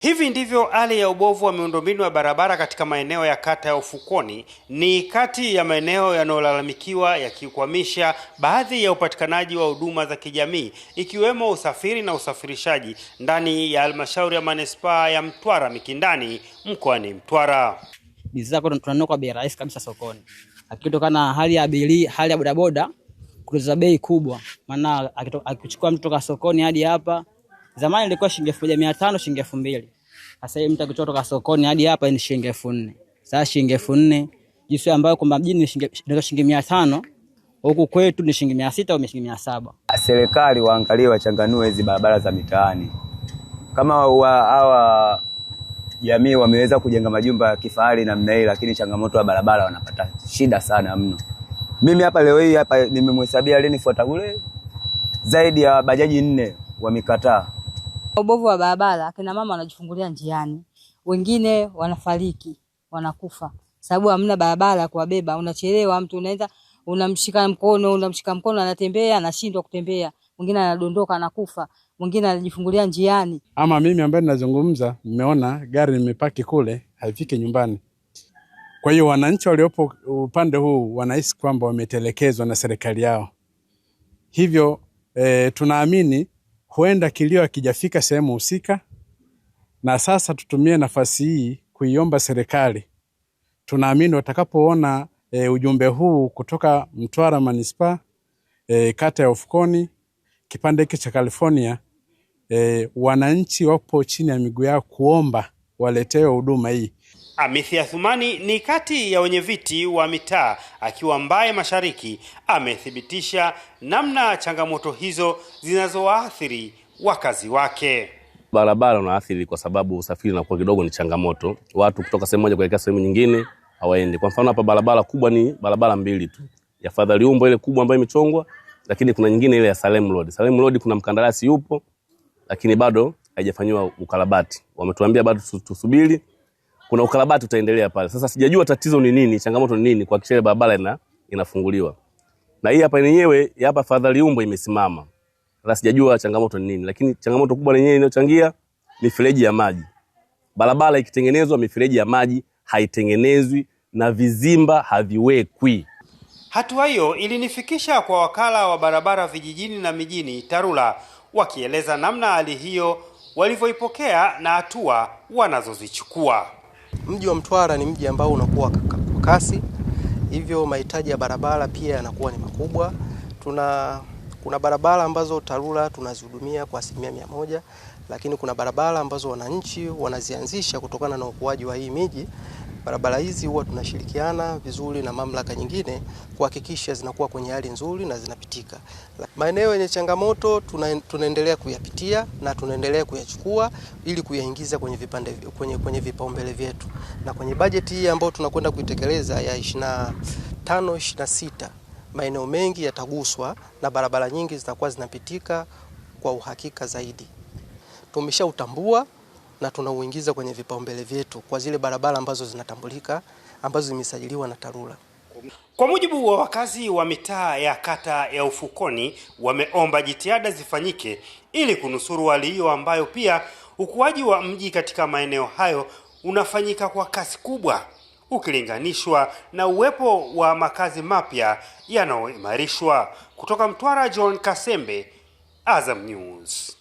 Hivi ndivyo hali ya ubovu wa miundombinu ya barabara katika maeneo ya kata ya Ufukoni ni kati ya maeneo yanayolalamikiwa yakikwamisha baadhi ya upatikanaji wa huduma za kijamii ikiwemo usafiri na usafirishaji ndani ya halmashauri ya manispaa ya Mtwara Mikindani mkoani Mtwara. Bidhaa zako tunanunua kwa bei rahisi kabisa sokoni, akitokana na hali ya bili, hali ya bodaboda kuuza bei kubwa, maana akichukua mtu toka sokoni hadi hapa Zamani ilikuwa shilingi elfu moja mia tano shilingi elfu mbili Sasa hivi mtu akitoka kutoka sokoni hadi hapa ni shilingi elfu nne Sasa shilingi elfu nne jinsi ambayo kwamba mjini ni shilingi mia tano huku kwetu ni shilingi mia sita au shilingi mia saba Serikali waangalie, wachanganue hizi barabara za mitaani, kama hawa jamii wameweza kujenga majumba ya kifahari namna hii, lakini changamoto ya barabara wanapata shida sana mno. Mimi hapa leo hii hapa nimemhesabia Leni kule zaidi ya bajaji nne wamekataa. Ubovu wa barabara, akina mama wanajifungulia njiani, wengine wanafariki, wanakufa sababu hamna barabara kuwabeba. Unachelewa, mtu unaenda unamshika mkono, unamshika mkono, anatembea anashindwa kutembea, mwingine anadondoka anakufa, mwingine anajifungulia njiani. Ama mimi ambaye ninazungumza, nimeona gari nimepaki kule, haifiki nyumbani. Kwa hiyo wananchi waliopo upande huu wanahisi kwamba wametelekezwa na serikali yao, hivyo e, tunaamini huenda kilio hakijafika sehemu husika, na sasa tutumie nafasi hii kuiomba serikali. Tunaamini watakapoona e, ujumbe huu kutoka Mtwara manispaa e, kata ya Ufukoni kipande hiki cha California e, wananchi wapo chini ya miguu yao kuomba waletewe huduma hii. Amethi Athumani ni kati ya wenyeviti wa mitaa akiwa Mbaye Mashariki, amethibitisha namna changamoto hizo zinazowaathiri wakazi wake. Barabara unaathiri kwa sababu usafiri unakuwa kidogo ni changamoto, watu kutoka sehemu moja kuelekea sehemu nyingine hawaendi. Kwa mfano hapa barabara kubwa ni barabara mbili tu, ya Fadhali Umbo ile kubwa ambayo imechongwa, lakini kuna nyingine ile ya Salem Road. Salem Road kuna mkandarasi yupo, lakini bado haijafanyiwa ukarabati. Wametuambia bado tusubiri kuna ukarabati utaendelea pale. Sasa sijajua tatizo ni nini, changamoto ni nini kuhakikisha ile barabara ina, inafunguliwa. Na hii hapa yenyewe hapa Fadhali Umbo imesimama. Sasa sijajua changamoto ni nini, lakini changamoto kubwa yenyewe inayochangia mifereji ya maji. Barabara ikitengenezwa, mifereji ya maji haitengenezwi na vizimba haviwekwi. Hatua hiyo ilinifikisha kwa wakala wa barabara vijijini na mijini TARURA wakieleza namna hali hiyo walivyoipokea na hatua wanazozichukua. Mji wa Mtwara ni mji ambao unakuwa kwa kasi, hivyo mahitaji ya barabara pia yanakuwa ni makubwa. Tuna kuna barabara ambazo TARURA tunazihudumia kwa asilimia mia moja, lakini kuna barabara ambazo wananchi wanazianzisha kutokana na ukuaji wa hii miji Barabara hizi huwa tunashirikiana vizuri na mamlaka nyingine kuhakikisha zinakuwa kwenye hali nzuri na zinapitika. Maeneo yenye changamoto tunaendelea kuyapitia na tunaendelea kuyachukua ili kuyaingiza kwenye vipande, kwenye, kwenye vipaumbele vyetu na kwenye bajeti hii ambayo tunakwenda kuitekeleza ya 25 26 maeneo mengi yataguswa na barabara nyingi zitakuwa zinapitika kwa uhakika zaidi. Tumeshautambua na tunauingiza kwenye vipaumbele vyetu kwa zile barabara ambazo zinatambulika ambazo zimesajiliwa na TARURA. Kwa mujibu wa wakazi wa mitaa ya kata ya Ufukoni, wameomba jitihada zifanyike ili kunusuru hali hiyo ambayo pia ukuaji wa mji katika maeneo hayo unafanyika kwa kasi kubwa ukilinganishwa na uwepo wa makazi mapya yanayoimarishwa. Kutoka Mtwara, John Kasembe, Azam News.